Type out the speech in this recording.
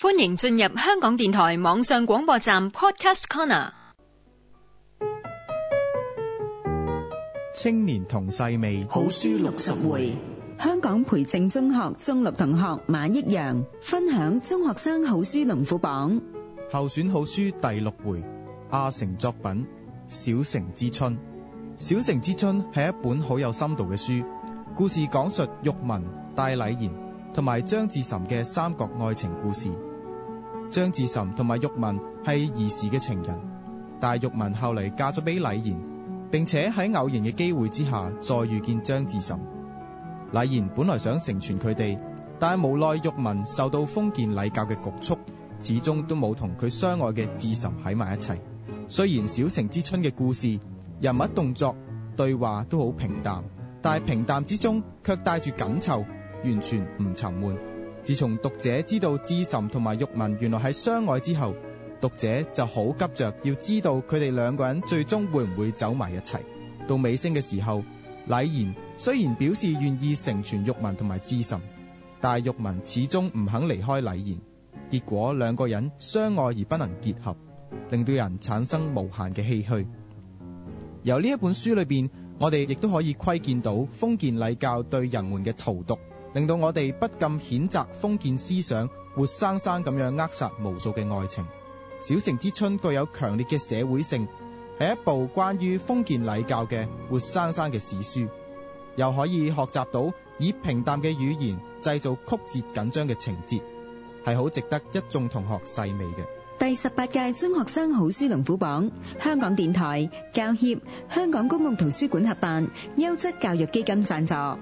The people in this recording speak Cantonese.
歡迎進入香港電台網上廣播站 Podcast Corner。青年同細味好書六十回，回。香港培正中學中六同學馬億洋分享中學生好書龍虎榜候選好書第六回阿城作品《小城之春》。《小城之春》係一本好有深度嘅書，故事講述玉文戴禮言、同埋章志忱嘅三角愛情故事，章志忱同埋玉文係兒時嘅情人，但係玉文後嚟嫁咗俾禮言，並且喺偶然嘅機會之下再遇見章志忱。禮言本來想成全佢哋，但係無奈玉文受到封建禮教嘅局促，始終都冇同佢相愛嘅志忱喺埋一齊。雖然《小城之春》嘅故事人物動作對話都好平淡，但係平淡之中卻帶住緊湊。完全唔沉悶。自從讀者知道志忱同埋玉文原來喺相愛之後，讀者就好急着要知道佢哋兩個人最終會唔會走埋一齊。到尾聲嘅時候，禮言雖然表示願意成全玉文同埋志忱，但係玉文始終唔肯離開禮言。結果兩個人相愛而不能結合，令到人產生無限嘅唏噓。由呢一本書裏邊，我哋亦都可以窺見到封建禮教對人們嘅荼毒。令到我哋不禁譴責封建思想，活生生咁樣扼殺無數嘅愛情。《小城之春》具有強烈嘅社會性，係一部關於封建禮教嘅活生生嘅史書，又可以學習到以平淡嘅語言製造曲折緊張嘅情節，係好值得一眾同學細味嘅。第十八屆中學生好書龍虎榜，香港電台、教協、香港公共圖書館合辦，優質教育基金贊助。